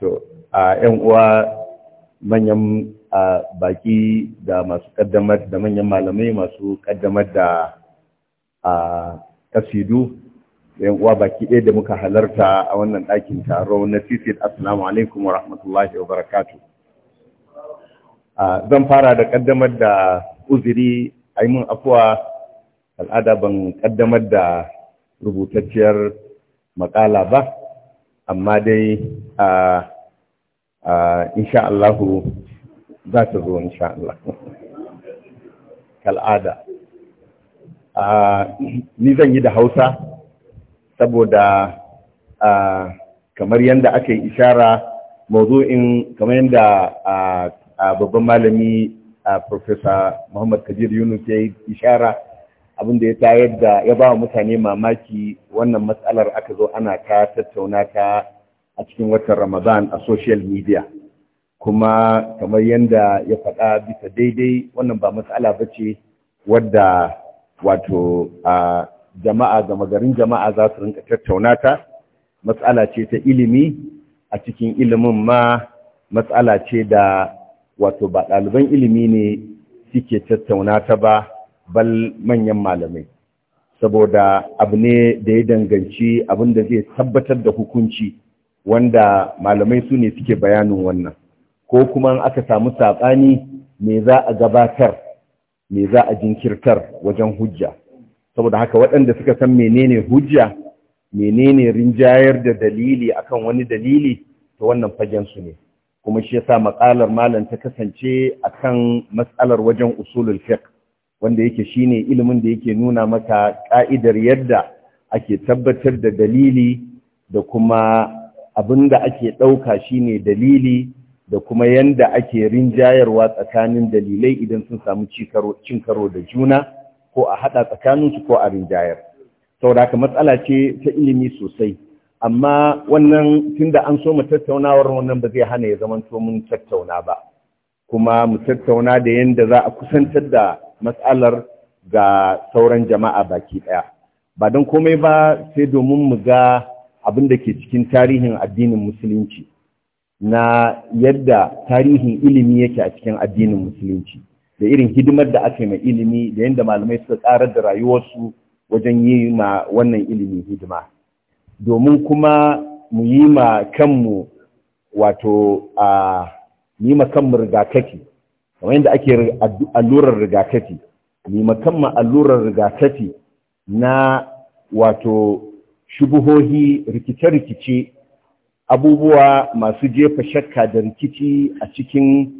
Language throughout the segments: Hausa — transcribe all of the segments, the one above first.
to a yan uwa manyan baki da masu kaddamar da manyan malamai masu kaddamar da a kasidu yan uwa baki ɗaya da muka halarta a wannan ɗakin taro na titi assalamu alaikum wa rahmatullahi wa barakatu zan fara da kaddamar da uziri a mun afuwa al'ada ban kaddamar da rubutacciyar makala ba amma dai a insha Allahu za ta zo insha Allah kal'ada ni zan yi da hausa saboda kamar yadda aka yi ishara mazu'in kamar yadda babban malami professor muhammad kajir yunus ya yi ishara abin da ya tayar da ya ba mutane mamaki wannan matsalar aka zo ana ta tattauna ta a cikin watan Ramadan a social media kuma kamar yadda ya faɗa bisa daidai wannan ba matsala ba ce wadda wato a jama'a gama garin jama'a za su rinka tattauna ta matsala ce ta ilimi a cikin ilimin ma matsala ce da wato ba ɗaliban ilimi ne suke tattauna ta ba bal manyan malamai saboda abu ne da ya danganci abin da zai tabbatar da hukunci wanda malamai su ne suke bayanin wannan ko kuma aka samu saɓani me za a gabatar me za a jinkirtar wajen hujja saboda haka waɗanda suka san menene hujja menene rinjayar da dalili akan wani dalili to wannan fagen su ne kuma shi yasa maƙalar malam ta kasance akan matsalar wajen usulul fiqh wanda yake shine ilimin da yake nuna maka ka'idar yadda ake tabbatar da dalili da kuma abin da ake ɗauka shine dalili da kuma yanda ake rinjayarwa tsakanin dalilai idan sun samu cin karo da juna ko a haɗa tsakaninsu ko a rinjayar sauraka haka matsala ce ta ilimi sosai amma wannan tunda an so mu tattaunawar wannan ba zai hana ya zamanto mun tattauna ba kuma mu tattauna da yadda za a kusantar da matsalar ga sauran jama'a baki ɗaya. Ba don komai ba sai domin mu ga abin da ke cikin tarihin addinin musulunci na yadda tarihin ilimi yake a cikin addinin musulunci da irin hidimar da aka yi mai ilimi da yadda malamai suka tsarar da rayuwarsu wajen yi ma wannan ilimin hidima. Domin kuma mu yi ma kanmu wato a ni makan rigakafi kamar yadda ake allurar rigakafi ni makan allurar rigakafi na wato shubuhohi rikice-rikice abubuwa masu jefa shakka da rikici a cikin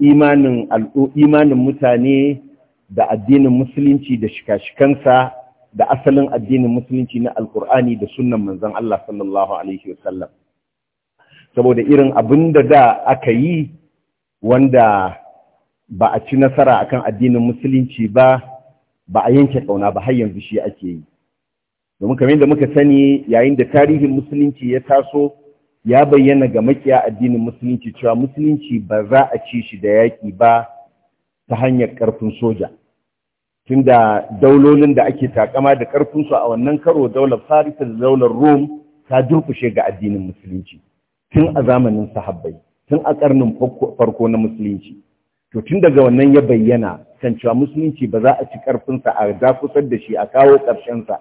imanin imanin mutane da addinin musulunci da shika-shikansa da asalin addinin musulunci na alkur'ani da sunan manzon Allah sallallahu alaihi wasallam saboda irin abin da da aka yi wanda ba a ci nasara akan addinin musulunci ba ba a yanke kauna ba har yanzu shi ake yi domin kamar yadda muka sani yayin da tarihin musulunci ya taso ya bayyana ga makiya addinin musulunci cewa musulunci ba za a ci shi da yaƙi ba ta hanyar ƙarfin soja tunda daulolin da ake takama da ƙarfin su a wannan karo daular farisa da daular rome ta durkushe ga addinin musulunci tun a zamanin sahabbai tun a karnin farko na musulunci to tun daga wannan ya bayyana kan cewa musulunci ba za a ci karfinsa a dakusar da shi a kawo sa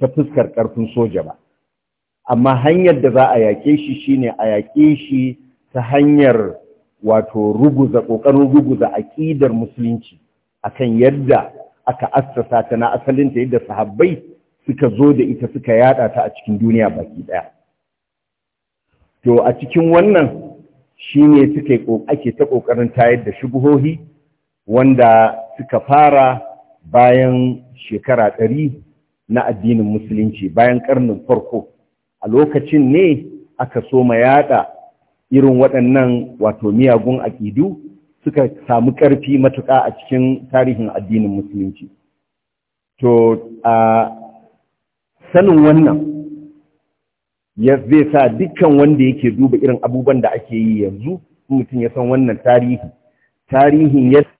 ta fuskar ƙarfin soja ba amma hanyar da za a yaƙe shi shine a yaƙe shi ta hanyar wato ruguza ƙoƙarin ruguza aƙidar musulunci akan yadda aka assasa ta na asalin ta yadda sahabbai suka zo da ita suka yada ta a cikin duniya baki ɗaya. to a cikin wannan shi ne suke ake ta ƙoƙarin tayar da shubuhohi wanda suka fara bayan shekara ɗari na addinin musulunci bayan ƙarnin farko a lokacin ne aka ma yaɗa irin waɗannan wato miyagun aƙidu suka samu ƙarfi matuƙa a cikin tarihin addinin musulunci to a sanin wannan ya zai sa dukkan wanda yake duba irin abubuwan da ake yi yanzu mutum ya san wannan tarihi tarihin yadda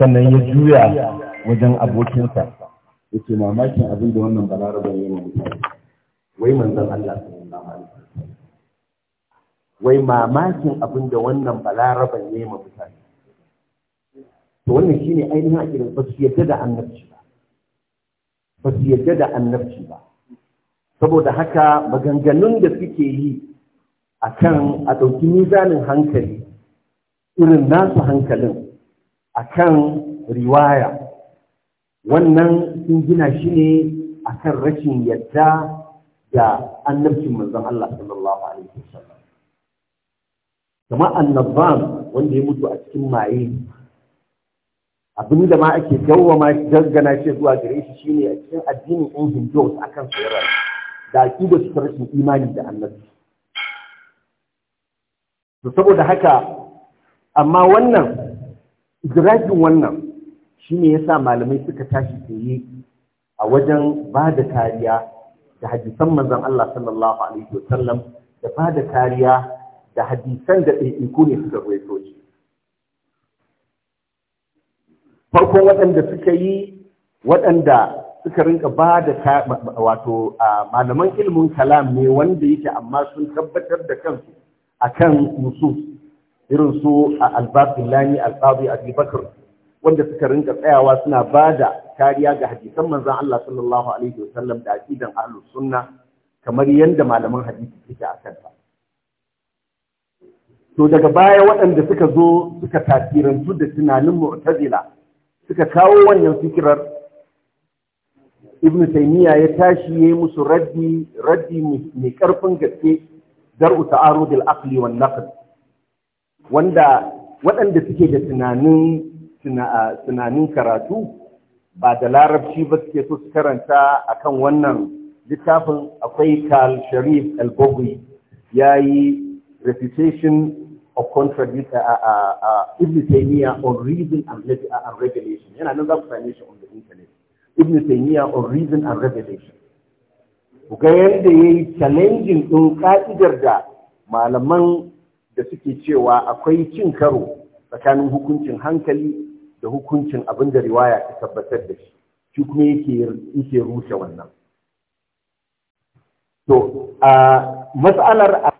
sannan ya juya wajen abokinsa ya ce mamakin abin da wannan balarabar yana mutane wai manzan Allah sallallahu yi wasallam wai mamakin abin da wannan balarabar ya yi mutane to wannan ne ainihin akirin ba su yadda da annabci ba ba su yadda da annabci ba saboda haka maganganun da suke yi a kan a ɗauki nizanin hankali irin nasu hankalin akan riwaya wannan sun gina shi ne akan rashin yadda da annabcin manzon Allah sallallahu alaihi wasallam kama annabban wanda ya mutu a cikin maye abin da ma ake dawwama gaggana shi zuwa gare shi shine a cikin addinin ɗin hindus akan tsirar da da su rashin imani da annabci saboda haka amma wannan idrakin wannan shi ne ya sa malamai suka tashi tsaye a wajen ba da kariya da hadisan manzon Allah sallallahu alaihi wasallam da ba da kariya da hadisan da ɗaiɗaiku ne suka rawaito shi farkon waɗanda suka yi waɗanda suka rinka ba da wato malaman ilmin kalam ne wanda yake amma sun tabbatar da kansu a kan musu. irin su a albafillani alƙadu abi wanda suka rinka tsayawa suna ba da kariya ga hadisan manzon Allah sallallahu alaihi wasallam da aqidan ahlus sunna kamar yadda malaman hadisi suke a kanta to daga baya waɗanda suka zo suka tasirantu da tunanin mu'tazila suka kawo wannan fikirar ibnu taymiya ya tashi yayi musu raddi raddi mai karfin gaske dar'u ta'arud al-aqli wan naqd wanda waɗanda suke da tunanin karatu ba da larabci ba suke so su karanta akan wannan littafin akwai Karl Sharif al-Bogui ya yi refutation of contradict Ibn Taymiyyah on reason and, Regulation. yana nan za ku same shi on the internet Ibn Taymiyyah on reason and revelation ku ga yadda ya yi challenging ɗin ka'idar da malaman da suke cewa akwai cin karo tsakanin hukuncin hankali da hukuncin abin da riwaya ta tabbatar da shi shi kuma yake rushe wannan to a matsalar a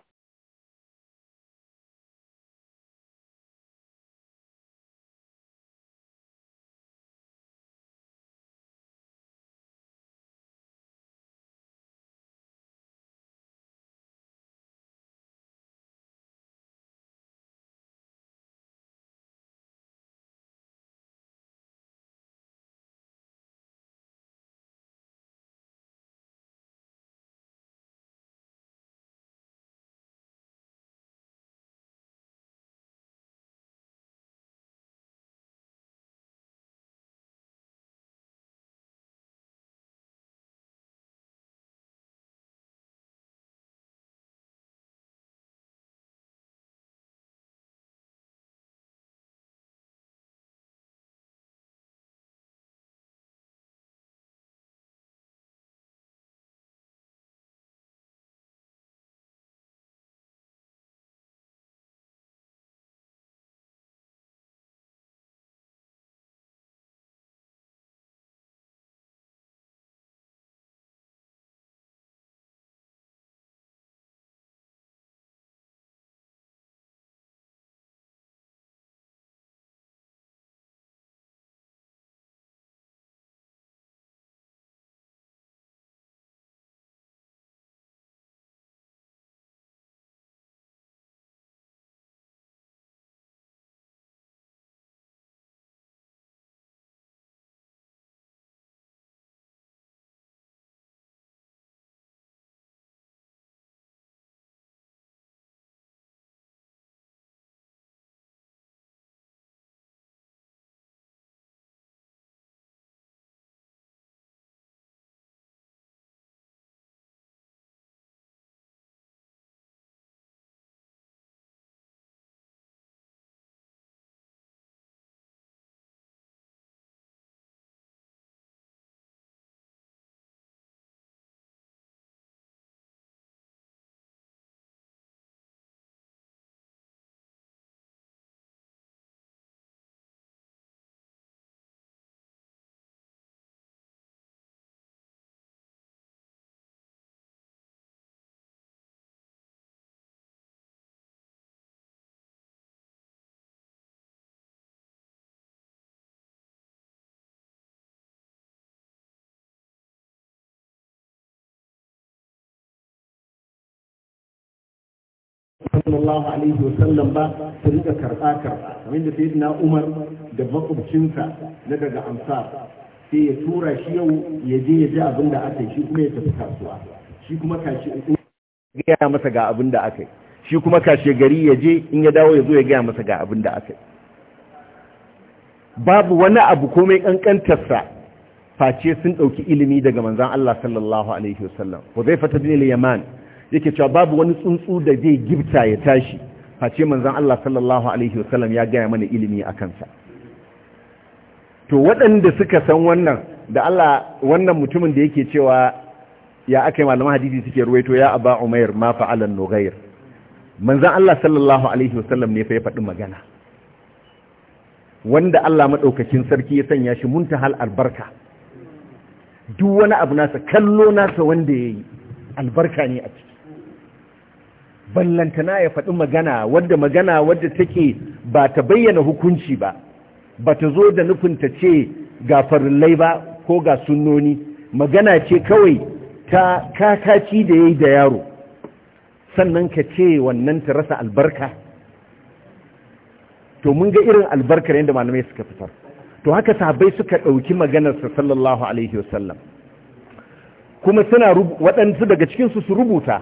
sallallahu alaihi wasallam ba ta rika karɓa karɓa kamar da sayyidina Umar da makwabcinsa na daga amsar sai ya tura shi yau ya je ya ji abin da aka yi shi kuma ya tafi kasuwa shi kuma kashi uku gaya masa ga abin da aka yi shi kuma kashe gari ya je in ya dawo ya zo ya gaya masa ga abin da aka yi babu wani abu komai kankantarsa face sun ɗauki ilimi daga manzan Allah sallallahu alaihi wasallam zai fata al-Yaman yake cewa babu wani tsuntsu da zai gifta ya tashi face manzan Allah sallallahu alaihi wasallam ya gaya mana ilimi a kansa to waɗanda suka san wannan da Allah wannan mutumin da yake cewa ya aka yi malaman hadisi suke ruwaito ya aba umair ma fa'alan nogayar manzan Allah sallallahu alaihi wasallam ne fa ya faɗi magana wanda Allah maɗaukakin sarki ya sanya shi mun albarka duk wani abu nasa kallo nasa wanda ya albarka ne a ciki ballantana ya faɗi magana wadda magana wadda take ba ta bayyana hukunci ba ba ta zo da nufin ta ce ga farillai ba ko ga sunnoni magana ce kawai ta kakaci da ya yi da yaro sannan ka ce wannan ta rasa albarka to mun ga irin albarkar yadda malamai suka fitar to haka sahabbai suka ɗauki maganarsa sallallahu alaihi wasallam kuma suna waɗansu daga cikinsu su rubuta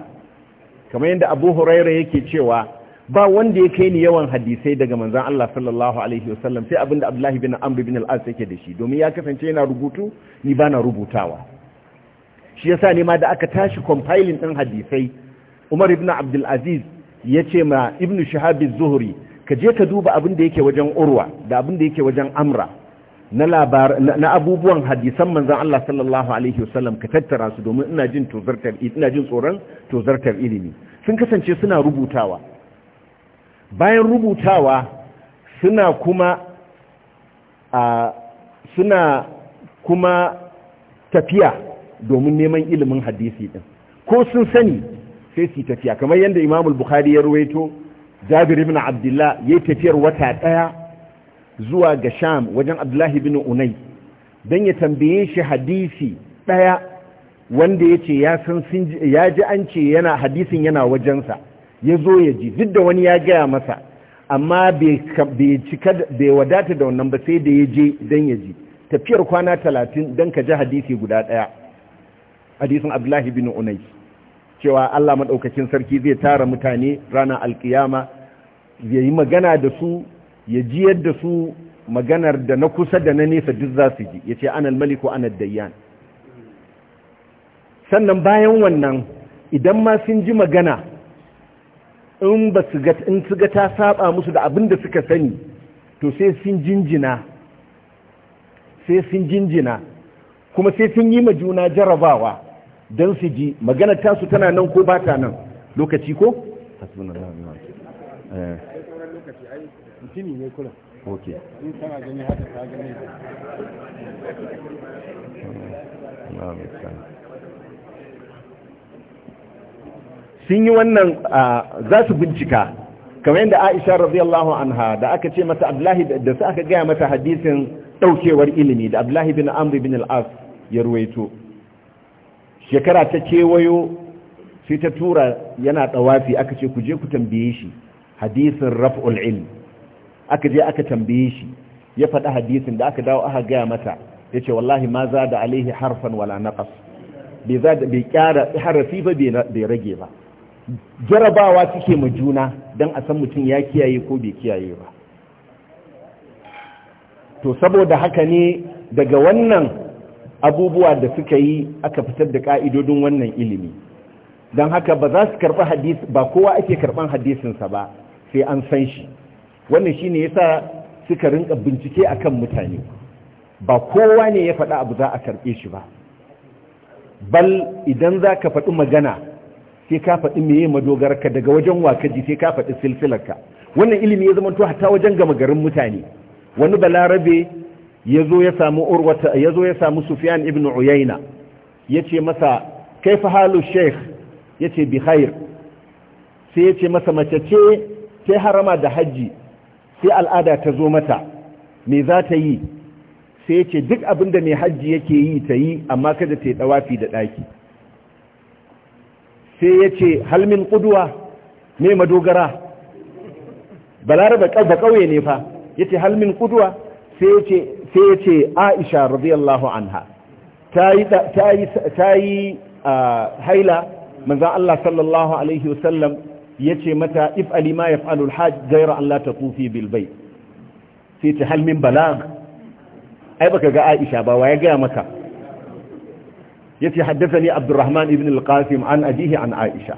kamar yadda abu huraira yake cewa ba wanda ya kai ni yawan hadisai daga manzan Allah sallallahu alaihi wasallam sai abinda abdullahi bin amr bin al-as yake da shi domin ya kasance yana rubutu ni bana rubutawa shi yasa ne ma da aka tashi compiling din hadisai umar ibn abdul aziz ya ce ma ibn shahab az-zuhri ka je ka duba abinda yake wajen urwa da abinda yake wajen amra na labar na abubuwan hadisan manzon Allah sallallahu alaihi wasallam ka tattara su domin ina jin tozartar ina jin tsoron tozartar ilimi sun kasance suna rubutawa bayan rubutawa suna kuma a suna kuma tafiya domin neman ilimin hadisi din ko sun sani sai su tafiya kamar yadda Imamul Bukhari ya ruwaito Jabir ibn Abdullah yayi tafiyar wata daya zuwa ga sham wajen abdullahi bin unai don ya tambaye shi hadisi ɗaya wanda ya ce ya ji an ce yana hadisin yana wajensa ya zo ya ji duk da wani ya gaya masa amma bai wadata da wannan ba sai da ya je don ya ji tafiyar kwana talatin don ka ji hadisi guda ɗaya hadisin abdullahi bin unai cewa allah maɗaukacin sarki zai tara mutane ranar alkiyama zai yi magana da su ya ji yadda su maganar da na kusa da na nesa duk za su ji ya ce anal maliku anal dayyan sannan bayan wannan idan ma sun ji magana in ba su ga in su ga ta saba musu da abin da suka sani to sai sun jinjina sai sun jinjina kuma sai sun yi ma juna jarabawa don su ji magana su tana nan ko ba ta nan lokaci ko? mutumi ne ok in gani haka gani sun yi wannan za su bincika kamar yadda aisha radiyallahu anha da aka ce mata abdullahi da su aka gaya mata hadisin daukewar ilimi da abdullahi bin amri bin al'as ya ruwaito shekara ta kewayo sai ta tura yana tsawafi aka ce ku je ku tambaye shi hadisin raf'ul ilm aka je aka tambaye shi ya faɗi hadisin da aka dawo aka gaya mata ya ce wallahi ma za da alaihi harfan wala naqas bai kyara harafi ba bai rage ba jarabawa suke ma juna don a san mutum ya kiyaye ko bai kiyaye ba to saboda haka ne daga wannan abubuwa da suka yi aka fitar da ka'idodin wannan ilimi don haka ba za su karɓi hadis ba kowa ake karɓan hadisinsa ba sai an san shi wannan shi ne ya sa suka rinka bincike a kan mutane ba kowa ne ya faɗa abu za a karɓe shi ba bal idan za ka faɗi magana sai ka faɗi meye madogararka daga wajen wakaji sai ka faɗi silsilarka wannan ilimi ya zamanto hatta wajen gama garin mutane wani balarabe ya zo ya samu urwata ya zo ya samu sufyan ibn uyayna ya ce masa kaifa halu sheikh ya ce bi khair sai ya ce masa mace ce ta harama da hajji sai al'ada ta zo mata me za ta yi sai ya ce duk abinda mai hajji yake yi ta yi amma kada ta yi dawafi da ɗaki sai ya ce halmin ƙuduwa mai madogara balaraba ba ƙauye ne fa ya ce halmin ƙuduwa sai ya ce aisha radiyallahu anha ta yi ah, haila manzan Allah sallallahu Alaihi wasallam yace mata if ali ma yaf'alu al-hajj ghayra an la tatufi bil bayt sai ta hal min balag ai baka ga Aisha ba waye ga maka yace haddathani Abdurrahman ibn al-Qasim an abihi an Aisha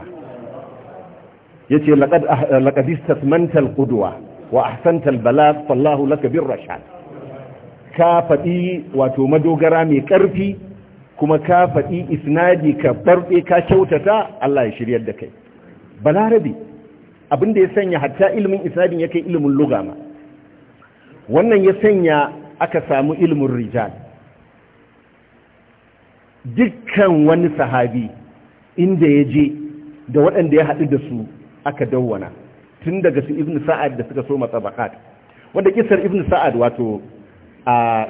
yace laqad laqad istathmanta al-qudwa wa ahsanta al-balag fallahu laka bir-rashad ka fadi wato madogara mai karfi kuma ka fadi isnadi ka barbe ka kyautata Allah ya shiryar da kai balarabi abinda ya sanya hatta ilimin isabin ya kai ilimin lugama wannan ya sanya aka samu ilimin rijal dukkan wani sahabi inda ya je da waɗanda ya haɗu da su aka dawwana tun daga su ibn sa'ad da suka so matsabakat wanda kisar ibn sa'ad wato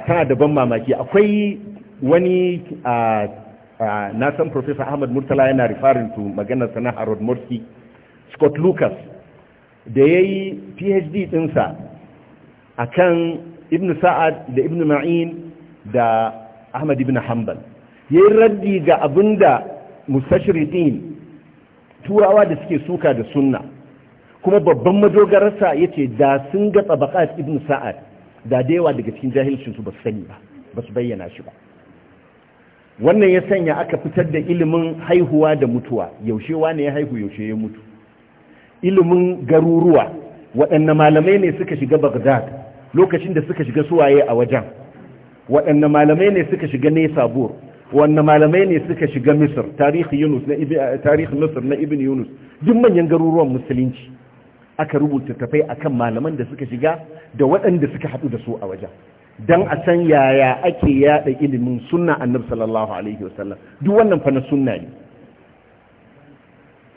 tana da ban mamaki akwai wani na san professor ahmad murtala yana rifarin to maganar sana harod morsi scott lucas da ya yi phd ɗinsa a kan ibn sa'ad da ibn ma'in da ahmad ibn hanbal ya yi raddi ga abinda da musashirikin turawa da suke suka da sunna kuma babban madogararsa ya ce da sun ga tsabakat ibn sa'ad da daewa daga cikin jahilcinsu ba su sani ba ba su bayyana shi ba wannan ya sanya aka fitar da ilimin haihuwa da mutuwa yaushe ne ya haihu yaushe ya mutu ilimin garuruwa waɗanne malamai ne suka shiga Baghdad lokacin da suka shiga suwaye a wajen waɗanne malamai ne suka shiga Nesabur wanne malamai ne suka shiga Misr tarihi Yunus na eh, tarihi Misr na Ibn Yunus duk manyan garuruwan musulunci aka rubuta tafai akan malaman da suka shiga da waɗanda suka haɗu da su a wajen dan a san yaya ake yada ilimin sunna annabi sallallahu alaihi wasallam duk wannan fa na sunna ne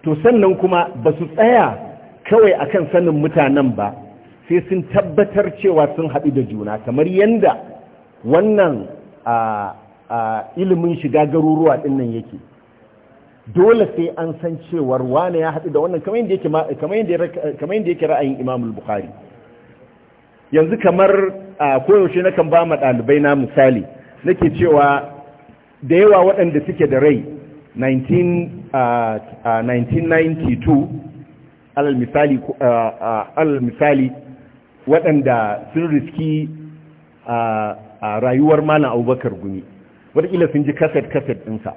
to sannan kuma ba su tsaya kawai akan sanin mutanen ba sai sun tabbatar cewa sun haɗu da juna kamar yadda wannan ilimin shiga garuruwa ɗinnan yake dole sai an san cewar wane ya haɗu da wannan kamar yadda yake ra'ayin imamul bukhari yanzu kamar a koyaushe na kan ba ma ɗalibai na misali nake cewa da yawa waɗanda suke da rai 19 a 1992 alal misali waɗanda sun riski a rayuwar malam abubakar gumi watakila sun ji kaset-kaset ɗinsa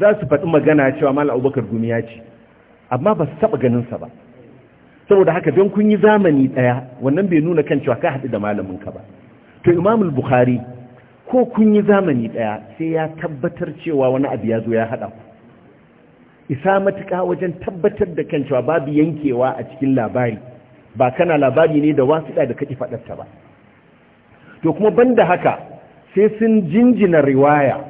za su faɗi magana cewa malam abubakar gumi ya ce amma ba su taɓa ganinsa ba saboda haka don kun yi zamani ɗaya wannan bai nuna kan cewa ka haɗu da malaminka ba to imamul bukhari ko kun yi zamani ɗaya sai ya tabbatar cewa wani abu ya zo ya haɗa ku isa matuƙa wajen tabbatar da kan cewa babu yankewa a cikin labari ba kana labari ne da wasiɗa da kake faɗarta ba to kuma banda haka sai sun jinjina riwaya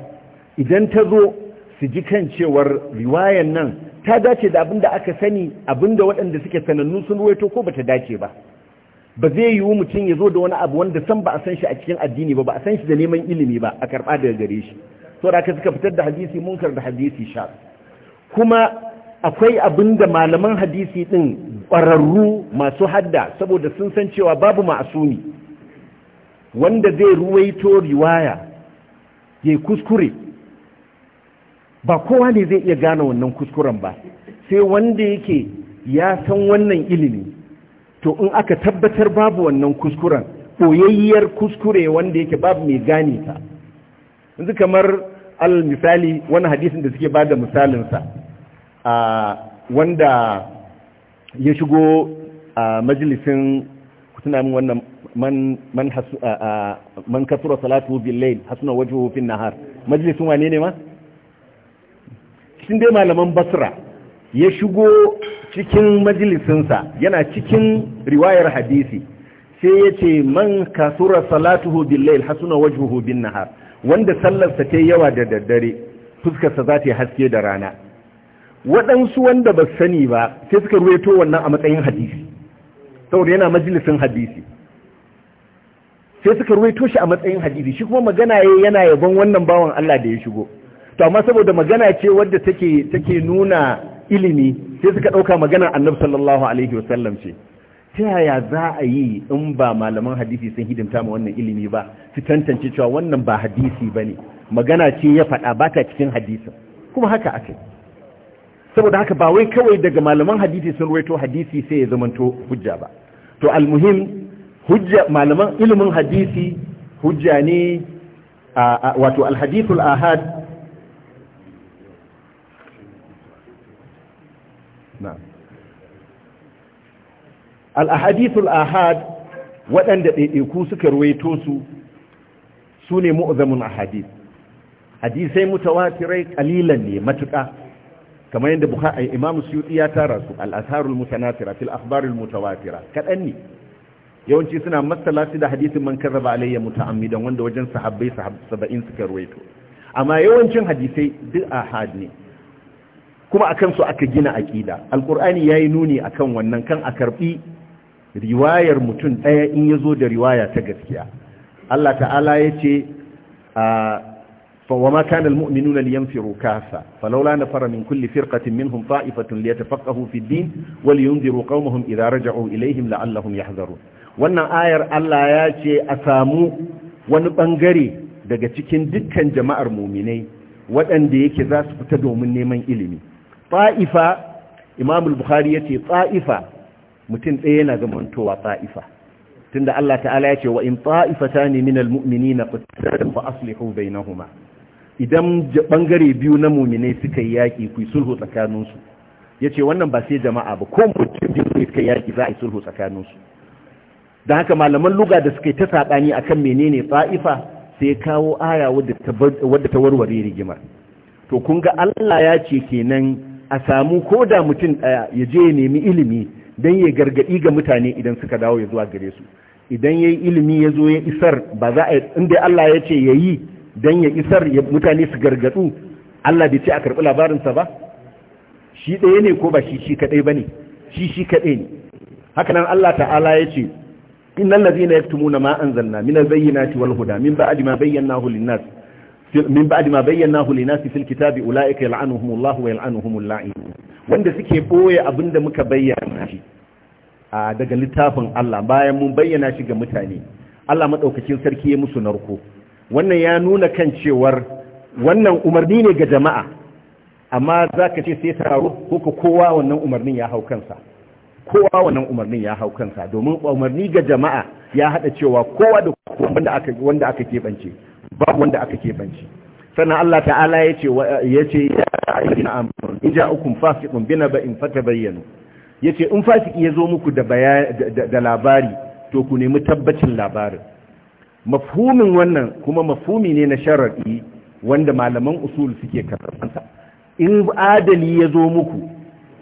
idan ta zo su ji kan cewar riwayan nan ta dace da abin da aka sani abin da waɗanda suke sanannu sun ruwaito ko ba ta dace ba ba zai yiwu mutum ya zo da wani abu wanda san ba a san shi a cikin addini ba ba a san shi da neman ilimi ba a karɓa daga gare shi saboda haka suka fitar da hadisi munkar da hadisi sha kuma akwai abin da malaman hadisi ɗin ƙwararru masu hadda saboda sun san cewa babu ma'asumi wanda zai ruwaito riwaya ya kuskure ba kowa ne zai iya gane wannan kuskuren ba sai wanda yake ya san wannan ilimi to in aka tabbatar babu wannan kuskuren koyayyar kuskure wanda yake babu mai gane ta yanzu kamar al misali wani hadisin da suke ba da misalinsa wanda ya shigo a majalisin tuna min wannan man man hasu man kasura salatu bil layl hasuna wajhuhu fin nahar majalisin wane ne ma cikin dai malaman basra ya shigo cikin majalisinsa yana cikin riwayar hadisi sai ya ce man kasura salatuhu billail hasuna wajhuhu bin nahar wanda sallarsa ta yawa da daddare fuskarsa za ta haske da rana waɗansu wanda ba sani ba sai suka to wannan a matsayin hadisi saboda yana majalisin hadisi sai suka to shi a matsayin hadisi shi kuma magana ya yana yabon wannan bawan Allah da ya shigo to amma saboda magana ce wadda take take nuna ilimi sai suka ɗauka magana annabi sallallahu alaihi wasallam ce ta yaya za a yi in ba malaman hadisi sun hidimta ma wannan ilimi ba su tantance cewa wannan ba hadisi ba ne magana ce ya faɗa ba ta cikin hadisin kuma haka aka yi saboda haka ba wai kawai daga malaman hadisi sun ruwaito hadisi sai ya zamanto hujja ba to almuhim hujja malaman ilimin hadisi hujja ne wato alhadithul ahad al-ahadithul ahad waɗanda ɗaiɗaiku suka ruwaito su su ne mu'azamun ahadith hadisai mutawatirai kalilan ne matuƙa kamar yadda bukhari eh, imam suyuti ya tara su alasarul atharul mutanatira fil akhbaril mutawatira kadan ne yawanci suna masallaci da hadisin man karraba alayya muta'ammidan wanda wajen sahabbai sahabbai suka ruwaito amma yawancin hadisai duk ahad ne kuma akan su aka gina aqida alqur'ani yayi nuni akan wannan kan a karbi riwayar mutum daya in yazo da riwaya ta gaskiya Allah ta'ala yace a ah, وما كان المؤمنون لينفروا كافة فلولا نفر من كل فرقة منهم طائفة ليتفقهوا في الدين ولينذروا قومهم إذا رجعوا إليهم لعلهم يحذرون wannan ayar Allah ya ce a samu wani ɓangare daga cikin dukkan jama'ar muminai waɗanda yake za su fita domin neman ilimi ta'ifa imamul bukhari ya ce ta'ifa mutum ɗaya yana zamantowa ta'ifa tunda Allah ta'ala ya ce wa in ne minal mu'minina qad fa aslihu bainahuma idan bangare biyu na muminai suka yi yaƙi ku sulhu tsakaninsu ya ce wannan ba sai jama'a ba ko mutum biyu ne suka yaƙi za a yi sulhu tsakaninsu don haka malaman luga da suka yi ta saɓani a kan menene tsa'ifa sai kawo aya wadda ta warware rigimar to kun ga allah ya ce kenan a samu ko da mutum ɗaya ya je ya nemi ilimi don ya gargaɗi ga mutane idan suka dawo ya zuwa gare su idan ya yi ilimi ya zo ya isar ba za a yi inda allah ya ce ya yi don ya isar ya mutane su gargatsu Allah bai ce a karɓi labarinsa ba shi ɗaya ne ko ba shi shi kaɗai ba ne shi shi kaɗai ne haka nan Allah ta'ala ya ce innal ladzina yaktumuna ma anzalna min al-bayyinati wal huda min ba'di ma bayyanahu lin-nas min ba'di ma bayyanahu lin-nas fil kitabi ulaika yal'anuhumullahu wa yal'anuhumul la'in wanda suke boye abinda muka bayyana shi daga littafin Allah bayan mun bayyana shi ga mutane Allah madaukakin sarki ya musu narko wannan ya nuna kan cewar wannan umarni ne ga jama'a amma za ka ce sai taro ko ka kowa wannan umarnin ya hau kansa kowa wannan umarnin ya hau kansa domin umarni ga jama'a ya haɗa cewa kowa da wanda aka wanda aka keɓance babu wanda aka keɓance sannan Allah ta'ala ya ce ya ce ya ainihin amrun in ja'ukum fasiqun binaba'in Ya ce in fasiki ya zo muku da labari to ku nemi tabbacin labarin mafhumin wannan kuma mafhumi ne na sharaɗi wanda malaman usul suke karɓansa in adali ya zo muku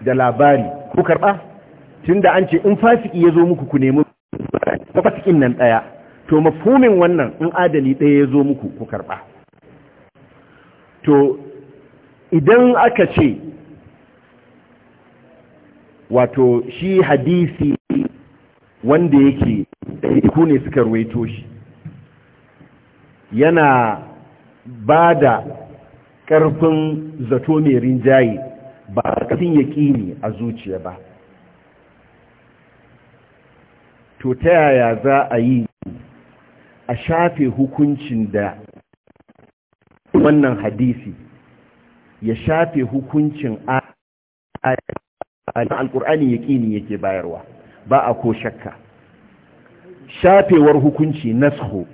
da labari ku karɓa tunda an ce in fasiki ya zo muku ku nemi fasikin nan ɗaya to mafhumin wannan in adali ɗaya ya zo muku ku karɓa to idan aka ce wato shi hadisi wanda yake ku ne suka ruwaito shi yana ba da ƙarfin zato mai rinjaye ba a ya ƙini a zuciya ba to ta yaya za a yi a shafe hukuncin da wannan hadisi ya shafe hukuncin a alƙur'ani ƙini yake bayarwa ba a ko shakka shafewar hukunci nasho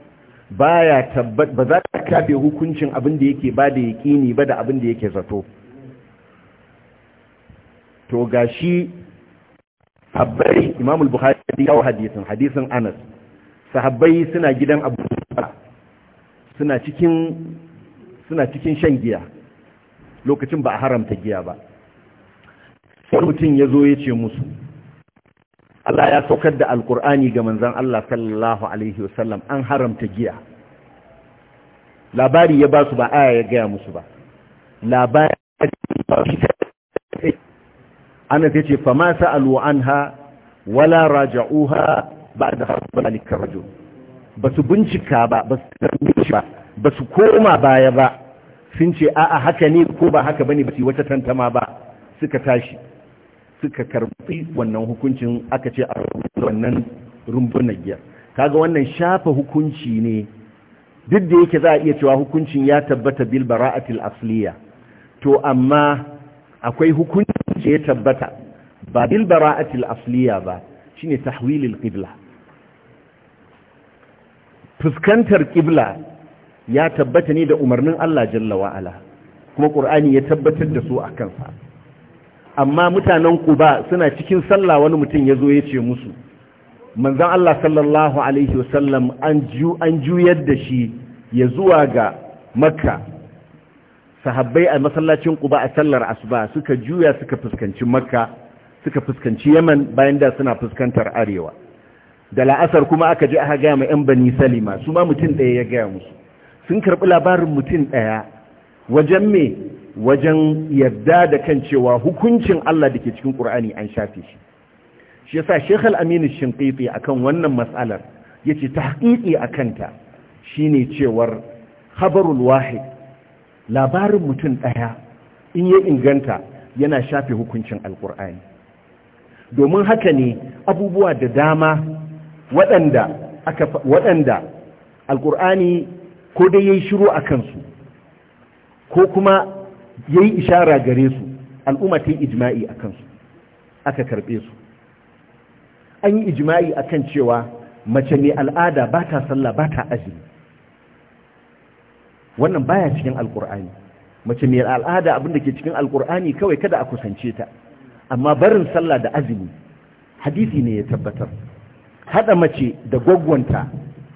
baya tabbat ba za ta kafe hukuncin abin da yake ba da yaƙini ba da abin da yake zato to gashi Imam imamul buhari ya hadisin hadisin anas sahabbai suna gidan abu suna cikin suna cikin shan giya lokacin ba a haramta giya ba sai mutum yazo zo ya ce musu Allah ya saukar da alkur'ani ga manzan Allah sallallahu alaihi wasallam an haramta giya labari ya ba su ba aya ya gaya musu ba labari ana ta ce fama sa'alu anha wala raja'uha ba'da hasabalika rajul basu bincika ba basu ba basu koma baya ba sun ce a'a haka ne ko ba haka bane ba su wata tantama ba suka tashi suka karbi wannan hukuncin aka ce a wannan rumbunan giyar kaga wannan shafa hukunci ne duk da yake za a iya cewa hukuncin ya tabbata bil bara'atil asliya to amma akwai hukuncin da ya tabbata ba bil bara'atil asliya ba shine tahwilil qibla fuskantar qibla ya tabbata ne da umarnin Allah jalla wa ala kuma qur'ani ya tabbatar da su akan sa amma mutanen kuba suna cikin sallah wani mutum ya zo ya ce musu manzan Allah sallallahu Alaihi wasallam an juyar da shi ya zuwa ga makka sahabbai a masallacin kuba a sallar asuba suka juya suka fuskanci makka suka fuskanci yaman bayan da suna fuskantar arewa da la'asar kuma aka ji aka gaya ma 'yan bani salima su ma mutum ɗaya ya gaya musu sun karɓi labarin mutum ɗaya wajen me wajen yarda da kan cewa hukuncin Allah da ke cikin Ƙur'ani an shafe shi shi yasa Sheikh Al-Amin Shinqiti akan wannan matsalar, yace tahqiqi kanta, shi shine cewar khabarul wahid labarin mutum ɗaya, in ya inganta yana shafe hukuncin Al-Qur'ani domin haka ne abubuwa da dama waɗanda aka Al-Qur'ani ko dai yayi shiru a kansu ko kuma ya yi ishara gare su al'umma ta yi ijma'i a kansu aka karɓe su an yi ijma'i a kan cewa mace mai al'ada ba ta sallah ba ta azumi wannan baya cikin alkur'ani mace mai al'ada abinda ke cikin alkur'ani kawai kada a kusance ta amma barin sallah da azumi hadisi ne ya tabbatar hada mace da gwaggwanta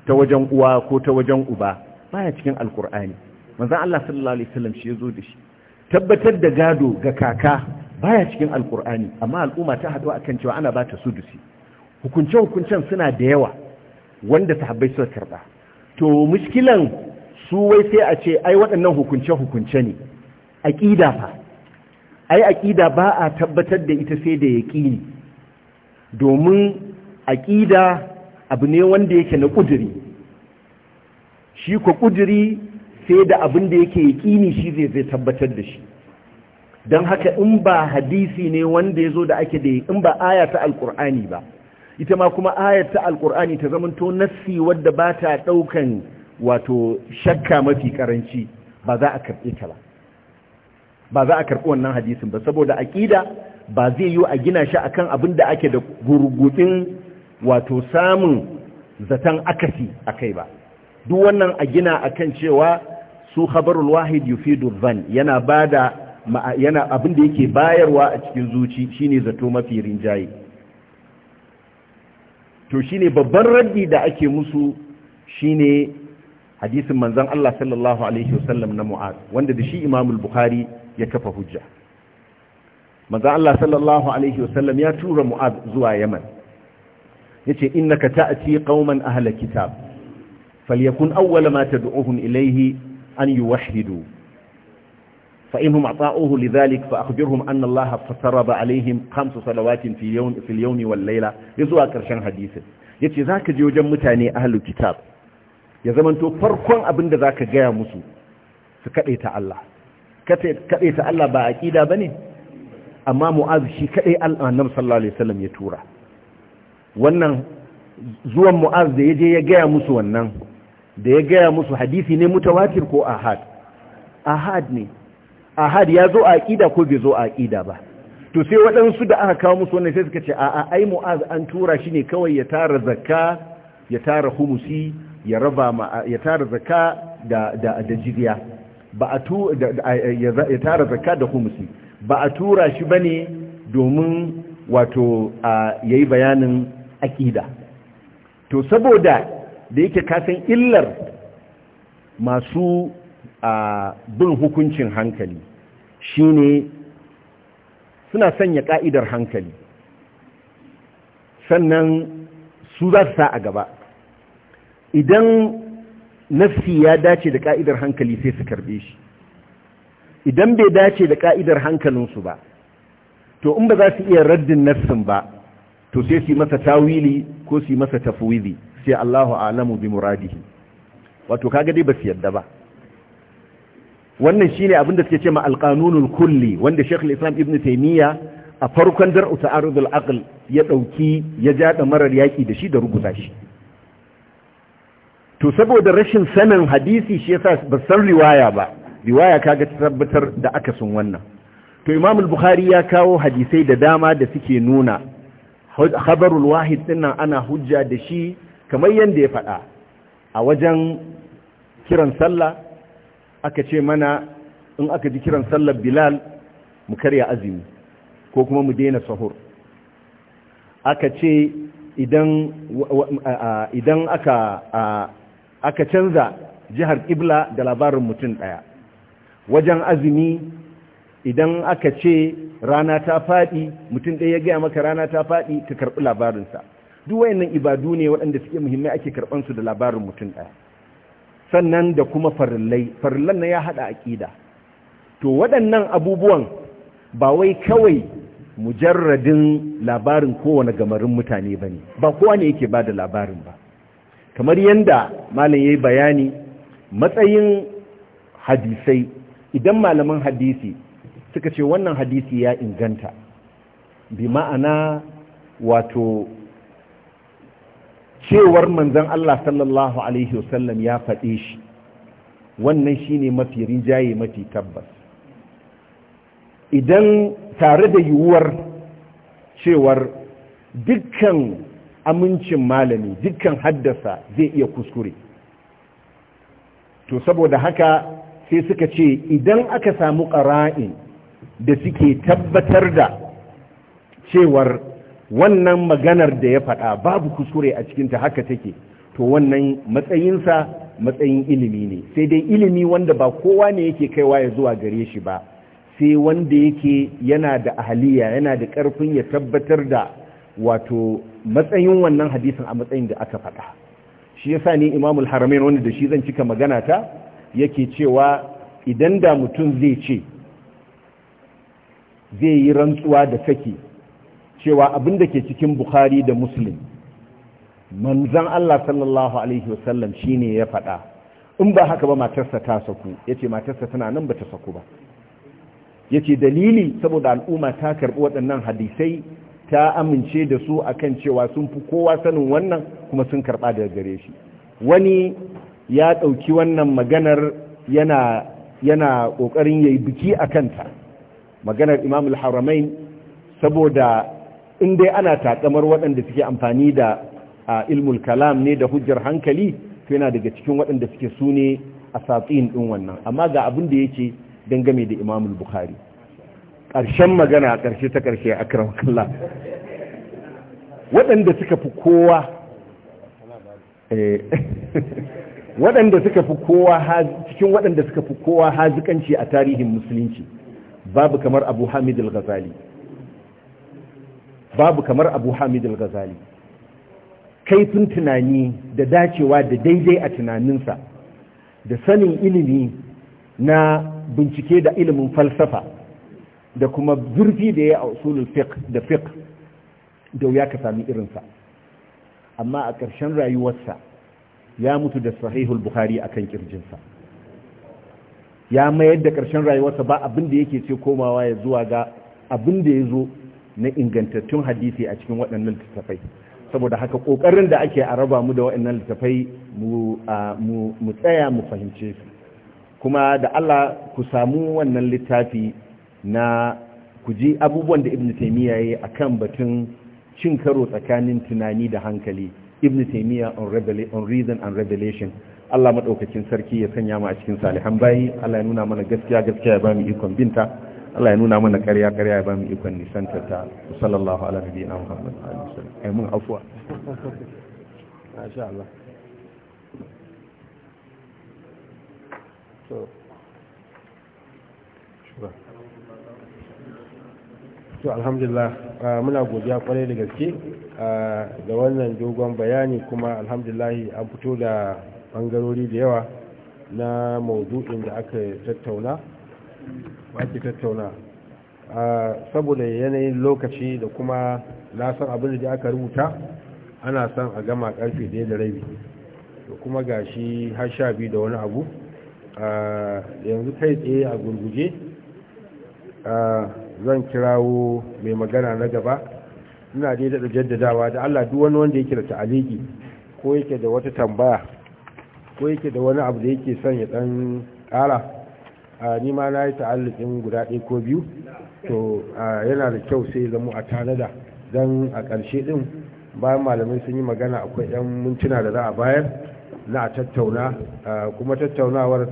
ta wajen uwa ko ta wajen uba baya cikin alkur'ani manzon Allah sallallahu alaihi wasallam shi yazo da shi tabbatar da gado ga kaka baya cikin alkur'ani amma al'umma ta haɗu kan cewa ana ba ta sudusi hukunce-hukuncen suna da yawa wanda sahabbai suka karɓa to muskilan su wai sai a ce ai waɗannan hukunce-hukunce ne aƙida fa ai aƙida ba a tabbatar da ita sai da yaƙini domin aƙida abu ne wanda yake na ƙuduri shi ko ƙuduri sai da abin da yake yaƙini shi zai zai tabbatar da shi don haka in ba hadisi ne wanda ya zo da ake da in ba aya ta alƙur'ani ba ita ma kuma aya ta alƙur'ani ta zamanto nassi wadda ba ta ɗaukan wato shakka mafi ƙaranci ba za a karɓe ta ba ba za a karɓi wannan hadisin ba saboda aƙida ba zai yi a gina shi akan abin da ake da gurgudin wato samun zaton akasi a kai ba duk wannan a gina akan cewa su khabarul wahid yufidu dhann yana bada yana abin da yake bayarwa a cikin zuci shine zato mafi rinjaye to shine babban raddi da ake musu shine hadisin manzon Allah sallallahu alaihi wasallam na Mu'az wanda da shi Imam al-Bukhari ya kafa hujja manzon Allah sallallahu alaihi wasallam ya tura Mu'az zuwa Yaman yace innaka ta'ti qauman ahla kitab falyakun awwala ma tad'uhum ilayhi أن يوحدوا فإنهم أعطاؤه لذلك فأخبرهم أن الله فترض عليهم خمس صلوات في اليوم, في اليوم والليلة يزوى كرشان حديثة يتي ذاك جيو جمتاني أهل الكتاب يزمن تو فرقون أبند ذاك جاء مسو فكأيت الله كأيت الله باعك بأكيدا بني أما معاذ شي كأي النبي صلى الله عليه وسلم يتورى wannan zuwan mu'az da ya je ya gaya musu wannan da ya gaya musu hadisi ne mutawatir ko ahad ahad ne ahad ya zo a aqida ko bai zo a aqida ba to sai waɗansu da aka kawo musu wannan sai suka ce a'a ai mu'az an tura shi ne kawai ya tara zakka ya tara humusi ya raba ma ya tara zakka da da da jizya ba a tu ya tara zakka da humusi ba a tura shi bane domin wato yayi bayanin aqida to saboda da yake kasan illar masu bin hukuncin hankali shine suna sanya ka'idar hankali sannan su za su sa a gaba idan nafsi ya dace da ka'idar hankali sai su karbe shi idan bai dace da ka'idar hankalinsu ba to in ba za su iya raddin nafsin ba to sai su yi masa tawili ko su yi masa tafwizi ce Allahu a'lamu bi muradihi wato kaga dai basu yadda ba wannan shine abin da suke ce ma qanunul kulli wanda Sheikh al-Islam Ibn Taymiyyah a farkon dar'u ta'arudul aql ya dauki ya jada marar yaki da shi da rubuta shi to saboda rashin sanin hadisi shi yasa ba san riwaya ba riwaya kaga tabbatar da aka sun wannan to Imam al-Bukhari ya kawo hadisai da dama da suke nuna khabarul wahid dinnan ana hujja da shi kamar yadda ya faɗa a wajen kiran sallah aka ce mana in aka ji kiran sallar bilal mu karya azumi ko kuma mu daina sahur aka ce idan aka canza jihar ibla da labarin mutum ɗaya wajen azumi idan aka ce rana ta faɗi mutum ɗaya ya gaya maka rana ta faɗi ka karɓi labarinsa duk wayannan ibadu ne waɗanda suke muhimmai ake karɓan su da labarin mutum ɗaya sannan da kuma farillai farillan na ya haɗa aƙida to waɗannan abubuwan ba wai kawai mujarradin labarin kowane gamarin mutane ba ne ba kowa ne yake ba da labarin ba kamar yadda malam ya yi bayani matsayin hadisai idan malaman hadisi suka ce wannan hadisi ya inganta bi ma'ana wato cewar manzon Allah sallallahu alaihi wasallam ya faɗe shi wannan shine mafi rinjaye mafi tabbas idan tare da yiwuwar cewar dukkan amincin malami dukkan haddasa zai iya kuskure to saboda haka sai suka ce idan aka samu ƙara'in da suke tabbatar da cewar wannan maganar da ya faɗa babu kuskure a cikin ta haka take to wannan matsayinsa matsayin ilimi ne sai dai ilimi wanda ba kowa ne yake kaiwa ya zuwa gare shi ba sai wanda yake yana da ahaliya yana da ƙarfin ya tabbatar da wato matsayin wannan hadisin a matsayin da aka faɗa shi yasa ne imamul haramain wanda da shi zan cika magana ta yake cewa idan da mutum zai ce zai yi rantsuwa da saki cewa abin da ke cikin bukhari da muslim manzan Allah sallallahu alaihi wasallam shine ya faɗa in ba haka ba matarsa ta saku yace matarsa tana nan ba ta saku ba yace dalili saboda al'umma ta karbi waɗannan hadisai ta amince da su akan cewa sun fi kowa sanin wannan kuma sun karba daga gare shi wani ya ɗauki wannan maganar yana yana ƙoƙarin yayi biki a kanta maganar imamul haramain saboda in dai ana takamar waɗanda suke amfani da ilmul kalam ne da hujjar hankali to yana daga cikin waɗanda suke su ne a satsin ɗin wannan amma ga abin da yake dangane da imamul bukhari ƙarshen magana a ƙarshe ta ƙarshe a Kira waɗanda suka fi kowa eh, waɗanda suka fi kowa cikin waɗanda suka fi kowa hazikanci a tarihin musulunci babu kamar abu hamid al-ghazali babu kamar abu hamid al-ghazali kaifin tunani da dacewa da daidai a tunaninsa da sanin ilimi na bincike da ilimin falsafa da kuma zurfi da ya a usulul fiqh da fiqh da wuya ka sami irinsa amma a ƙarshen rayuwarsa ya mutu da sahihul bukhari akan kirjinsa ya mayar da ƙarshen rayuwarsa ba abin da yake ce komawa ya zuwa ga abin da ya zo na ingantattun hadisi a cikin waɗannan littattafai saboda haka ƙoƙarin da ake a raba mu da waɗannan littattafai mu tsaya mu fahimce su kuma da Allah ku samu wannan littafi na ku ji abubuwan da ibn taimiyya ya yi a kan batun cin karo tsakanin tunani da hankali ibn taimiyya on reason and revelation Allah maɗaukacin sarki ya sanya mu a cikin salihan bayi Allah ya nuna mana gaskiya gaskiya ya ba mu ikon binta Allah ya nuna mana ƙarya ƙarya ya ba mu ikon nisantar ta sallallahu ala nabiyina Muhammad sallallahu alaihi wasallam ai mun afwa masha Allah to shukran to alhamdulillah uh, muna godiya kwarai da gaske da uh, wannan dogon bayani kuma alhamdulillah an fito da bangarori da yawa na maudu'in da aka tattauna ake tattauna saboda yanayin lokaci da kuma lasar abin da aka rubuta ana son a gama karfe daya da rabi da kuma gashi har sha biyu da wani abu yanzu kai tsaye a gurguje zan kirawo mai magana na gaba ina dai da jaddadawa da Allah duk wani wanda yake da ta'aliki ko yake da wata tambaya ko yake da wani abu da yake son ya dan kara. ni ma na yi ta'allukin guda ɗaya ko biyu to yana da kyau sai zama a tanada don a ƙarshe ɗin bayan malamai sun yi magana akwai 'yan mintuna da za a bayar na a tattauna kuma tattaunawar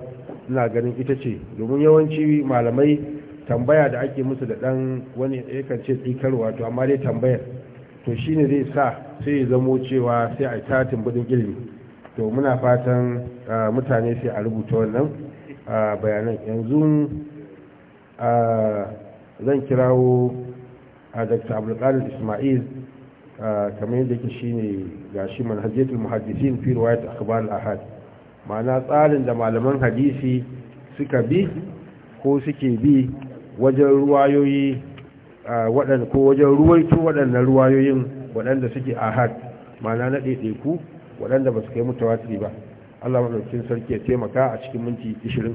na ganin ita ce domin yawanci malamai tambaya da ake musu da ɗan wani yakan ce tsikarwa to amma dai tambayar to shi ne zai sa sai ya zamo cewa sai a tatin budin ilimi to muna fatan mutane sai a rubuta wannan a bayanan yanzu zan kirawo a dr abdulkadir ismail kamar yadda yake shi gashi manhajatul muhaddisin fi riwayat ta al-ahad ma'ana tsarin da malaman hadisi suka bi ko suke bi wajen ruwayoyi waɗanda ko wajen ruwaito waɗannan ruwayoyin waɗanda suke ahad ma'ana na ɗaiɗaiku waɗanda ba su kai mutawa ba Allah maɗaukin sarki ya taimaka a cikin minti 20